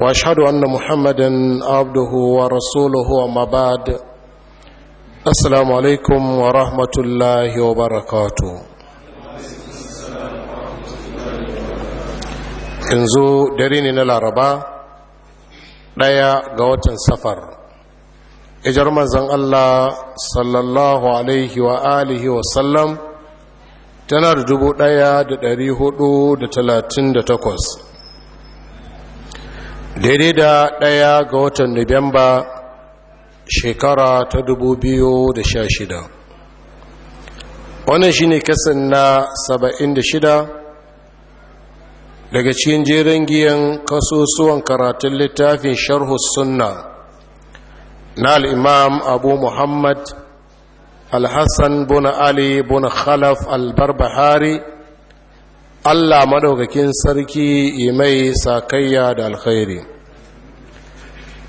واشهد ان محمدا عبده ورسوله وما بعد السلام عليكم ورحمه الله وبركاته yanzu dare ne na laraba ɗaya ga watan safar ijar manzan allah sallallahu alaihi wa alihi wa sallam tana da dubu ɗaya da ɗari hudu da talatin da takwas daidai da ɗaya ga watan nuwamba shekara ta dubu biyu da sha shida. wannan shine kasan na saba'in da shida daga cikin jerin giyan kasusuwan karatun littafin sharhu sunna na al'imam abu muhammad al-hassan buna ali buna khalaf al-barbahari Allah madaukakin sarki yi mai sakayya da alkhairi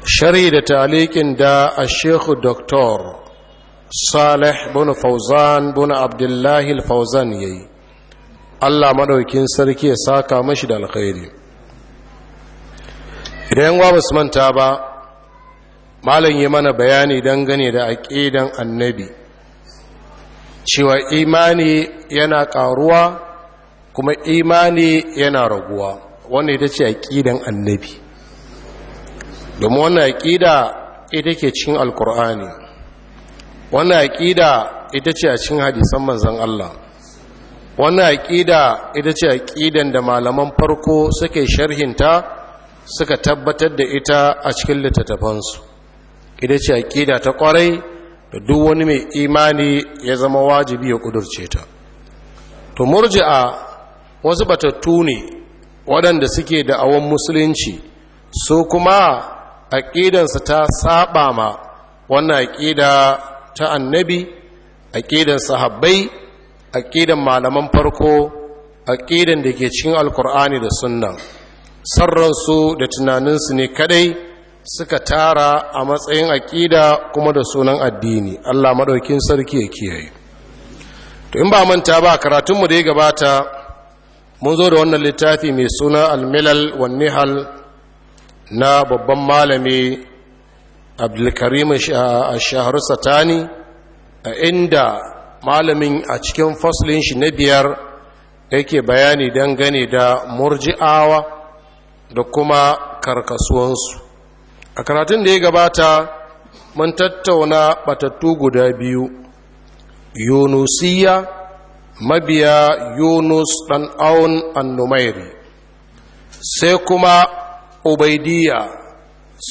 shari da talikin da a shekhu doktor salih bin fauzan bin abdullahi fauzan ya yi Allah madaukakin sarki ya saka mashi da alkhairi idan wa manta ba malam yi mana bayani dangane da aƙidan annabi cewa imani yana ƙaruwa kuma imani yana raguwa wanda ita ce aƙidan annabi domin wannan aƙida ita ke cikin alkur'ani wannan ƙida ita ce a cikin hadisan manzan Allah wannan aƙida ita ce aƙidan da malaman farko suke sharhinta suka tabbatar da ita a cikin littattafansu ita ce aƙida ta ƙwarai da duk wani mai imani ya zama wajibi ya ƙudurce ta to murji'a wasu batattu ne waɗanda suke da awon musulunci su kuma aƙidansu ta saba ma wannan aƙida ta annabi aƙidan sahabbai aƙidan malaman farko aƙidan da ke cikin alkur'ani da sunna sarransu da tunaninsu ne kadai suka tara a matsayin aƙida kuma da sunan addini allah maɗaukin sarki ya kiyaye to in ba manta ba karatunmu da ya gabata mun zo da wannan littafi mai suna almilal wannihal na babban malami abdulkarim shahar satani a inda malamin a cikin faslin shi na biyar yake bayani dangane da murji'awa da kuma karkasuwansu a karatun da ya gabata mun tattauna batattu guda biyu yunusiya mabiya yunus ɗan aun annumairi sai kuma Ubaidiya,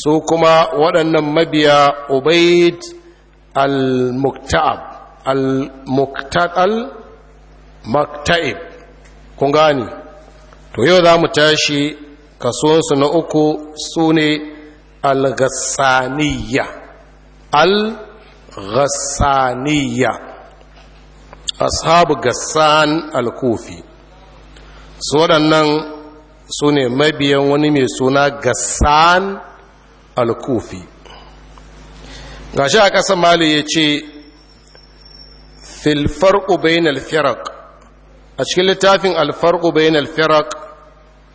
su kuma waɗannan mabiya ubaid al-muktab al-muktab kun gani to yau za mu tashi kasuwansu na uku su ne al-ghassaniya al-ghassaniya ashabu gassan al-kufi su waɗannan su ne mabiyan wani mai suna gassan al-kufi gashi a ƙasa mali ya ce filfarku bayan alfirak a cikin littafin alfarku bayan alfirak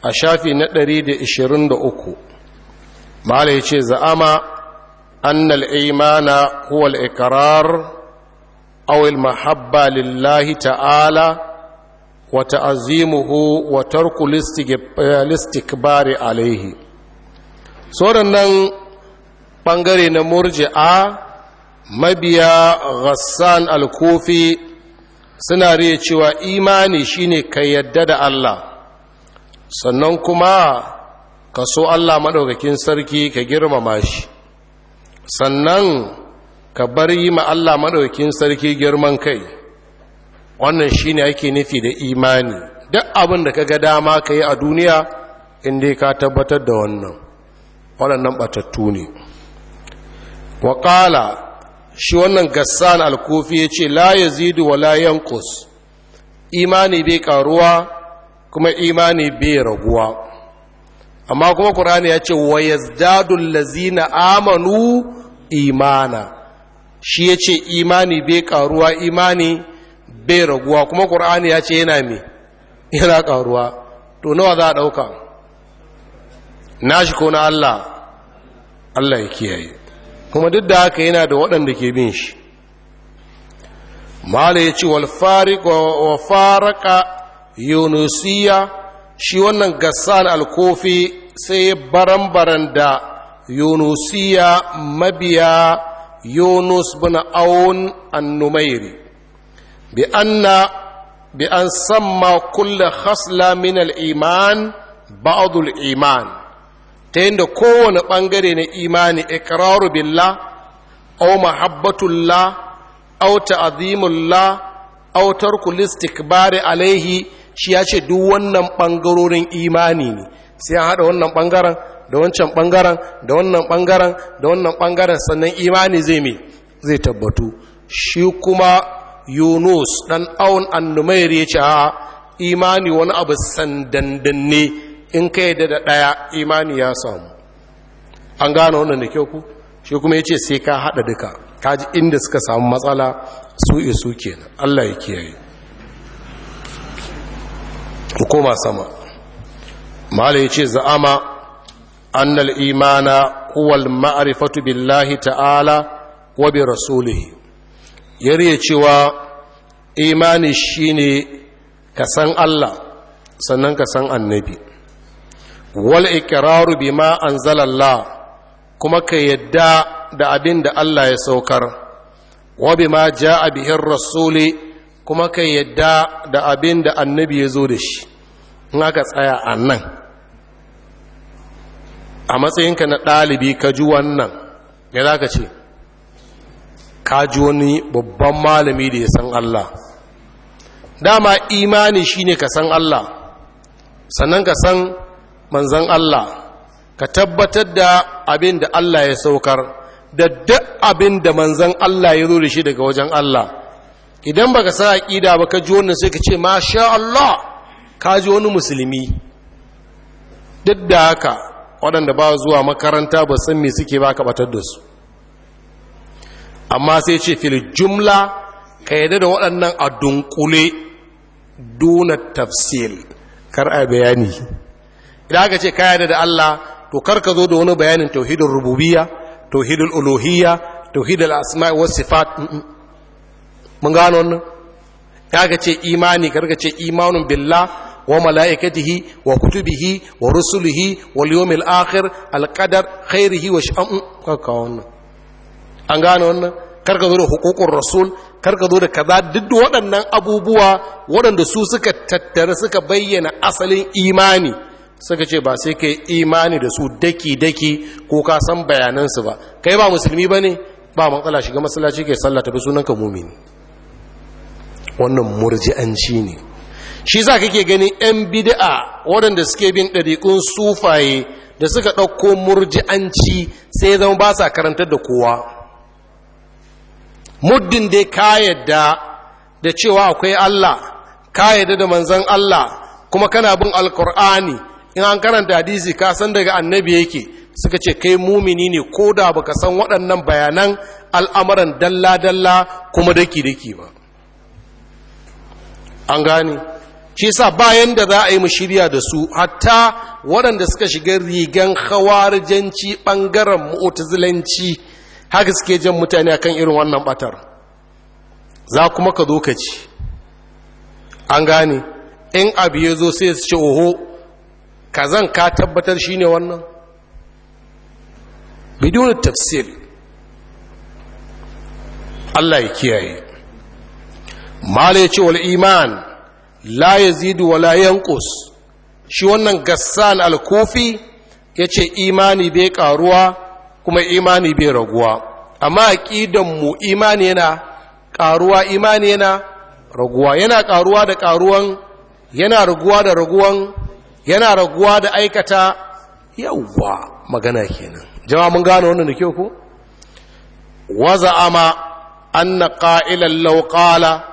a shafi na 123 mali ya ce za'ama annal imana huwal ikirar awil mahabba lillahi ta'ala wa ta'azimu wa tarku listikbari alaihi nan ɓangare na murji'a mabiya ghassan al-kufi suna riya cewa imani shine ka yadda da Allah sannan kuma ka so Allah maɗaukakin sarki ka girmama shi sannan ka bar yi ma Allah maɗaukin sarki girman kai wannan shi ne ake nufi da imani duk abin da ka ga dama ka yi a duniya inda ka tabbatar da wannan waɗannan ɓatattu ne waƙala shi wannan gassan alkofi ya ce la ya zidu wa la yankus imani bai ƙaruwa kuma imani bai raguwa amma kuma ƙurani ya ce wa lazi lazina amanu imana shi ya ce imani bai karuwa imani bai raguwa kuma ƙur'ani ya ce yana mai, yana karuwa to nawa za a ɗauka na shi ko na allah allah ya kiyaye kuma duk da haka yana da waɗanda ke bin shi mala ya ce wa faraka yunusiya shi wannan gassan alkofi sai baran-baran da yunusiya mabiya yunus bin aun annumairi bi an samma kulla khasla min iman ba'dul iman ta yadda kowane ɓangare na imani ikraru billah aw mahabbatullah aw ta'zimullah aw tarku listikbari alaihi shi ya ce duk wannan ɓangarorin imani ne sai an haɗa wannan ɓangaren da wancan bangaren da wannan bangaren da wannan bangaren sannan imani zai mai, zai tabbatu shi kuma yunus ɗan awon annumairi ya ce imani wani abu sandandanne in ka yi da ɗaya imani ya samu an gane wannan da kyau ku shi kuma ya ce sai ka haɗa duka kaji inda suka samu matsala su isu kenan allah ya kiyaye hukuma sama mala ya ce za'ama أن الإيمان هو المعرفة بالله تعالى وبرسوله يري cewa imani shine ka san Allah sannan ka san annabi wal iqraru bima anzalallah kuma ka yadda da abin da Allah ya saukar wa ja a bihi rasuli kuma ka yadda da abin da annabi ya zo da shi in aka tsaya a nan a matsayinka na ɗalibi ka ji wannan ya za ka ce ka ji wani babban malami da ya san Allah dama imani shine ka san Allah sannan ka san manzan Allah ka tabbatar da abin da Allah ya saukar da duk abin da manzan Allah ya zo shi daga wajen Allah idan baka sa aqida ba ka ji wannan sai ka ce masha Allah ka ji wani musulmi duk da haka waɗanda ba zuwa makaranta ba san me suke ba ka da su amma sai ce fil jumla ka yadda da waɗannan a dunkule duna tafsil kar a bayani idan aka ce ka yadda da Allah to kar ka zo da wani bayanin tauhidin rububiyya tauhidin uluhiyya tauhidin asma'i was sifat mun gano wannan ya ga ce imani kar ka ce imanun billah wa malaikatihi wa kutubihi wa rusulihi wal yawmil akhir al qadar khairihi wa shan Ka wannan an gane wannan ka zo da hukukun rasul ka zo da kaza duk waɗannan abubuwa waɗanda su suka tattara suka bayyana asalin imani suka ce ba sai kai imani da su daki daki ko ka san bayanansu ba kai ba musulmi bane ba matsala shiga masallaci kai sallah sunan sunanka mumini wannan murji'anci ne shi za kake gani 'yan bid'a waɗanda suke bin ɗariƙun sufaye da suka ɗauko murji'anci sai zama ba sa karantar da kowa muddin dai ka yadda da cewa akwai Allah ka yadda da manzan Allah kuma kana bin alkur'ani in an karanta hadisi ka san daga annabi yake suka ce kai mumini ne ko da baka san waɗannan bayanan al'amuran dalla-dalla kuma daki-daki ba an gane shi sa bayan da za a yi mu shirya da su hatta waɗanda suka shiga rigan hawarijanci ɓangaren zilanci haka suke jan mutane akan irin wannan batar za kuma ka zo ka ci an gane in abu ya zo sai su ce oho zan ka tabbatar shi ne wannan bidiyon tafsir Allah ya kiyaye mala ya ce wal iman la yazidu wa la shi wannan gassan al-kufi yace imani bai karuwa kuma imani bai raguwa amma aqidan mu imani yana karuwa imani yana raguwa yana karuwa da karuwan yana raguwa da raguwan yana raguwa da aikata yawwa magana kenan jama'a mun gano wannan da kyau ko waza'ama anna qa'ilan law qala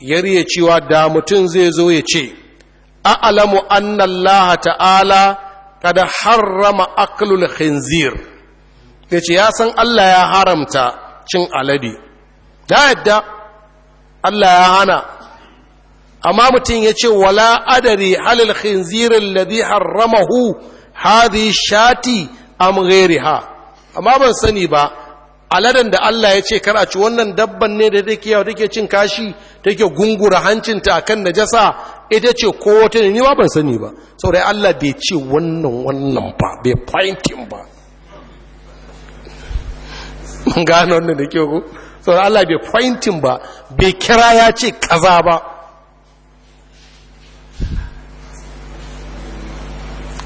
ya cewa da mutum zai zo ya ce a'lamu anna Allah ta'ala kada harrama aklul khinzir ya ce ya san Allah ya haramta cin alade da yadda Allah ya hana amma mutum ya ce wala adari halil khinzirin ladhi harramahu hadhi shati am ghairiha amma ban sani ba aladan da Allah ya ce kar a ci wannan dabban ne da take yawa take cin kashi take gungura hancinta akan najasa ita ce ko wata ne ni ba ban sani ba saboda Allah bai ce wannan wannan ba bai fahimtin ba mun gane wannan da ke ko saboda Allah bai fahimtin ba bai kira ya ce kaza ba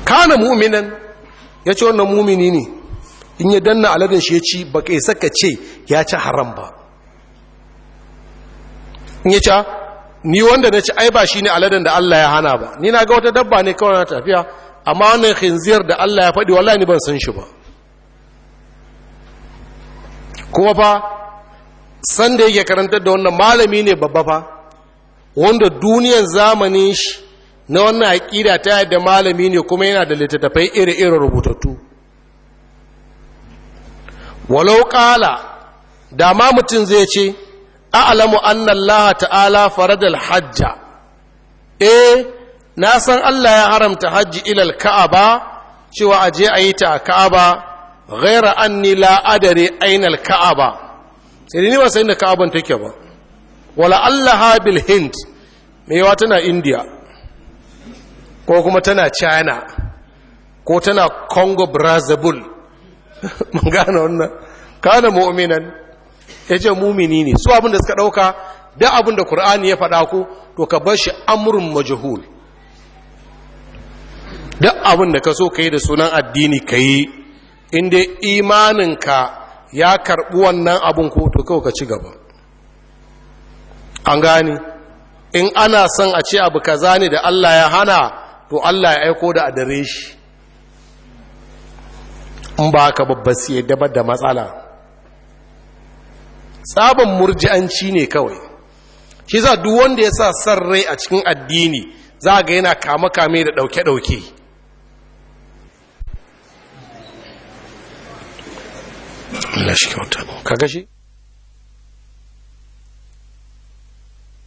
kana mu'minan ya ce wannan mumini ne in ya danna aladen shi ya ci ba kai saka ce ya ci haram ba in ya ca ni wanda na ci ai ba shi ne aladen da Allah ya hana ba ni na ga wata dabba ne kawai na tafiya amma wannan khinziyar da Allah ya faɗi wallahi ni ban san shi ba kuma fa sanda yake karantar da wannan malami ne babba fa wanda duniyar zamani shi na wannan aƙida ta yadda malami ne kuma yana da littattafai iri iri rubutattu walau ƙala da ma mutum zai ce a'alamu annallaha ta'ala faradal hajja eh na san Allah ya haramta hajji ilal ka'aba cewa a je a yi ta a ka'aba ghaira anni la adare ainal ka'aba sai ni ba sai da ka'aban take ba wala Allah bil hind mewa tana india ko kuma tana china ko tana congo brazzaville mun gane wannan kana mu'minan yace mumini ne su abin da suka dauka da abin da qur'ani ya faɗa ku to ka bar shi amrun majhul duk abin da ka so ka da sunan addini ka yi inda imaninka ya karɓi wannan abin ko to kawai ka ci gaba an gani in ana son a ce abu kaza ne da Allah ya hana to Allah ya aiko da adare shi in ba ka babba su yadda ba da matsala tsaban murji'anci ne kawai shi za duk wanda ya sa san rai a cikin addini za ga yana kame-kame da ɗauke-ɗauke shi kyauta ka gashi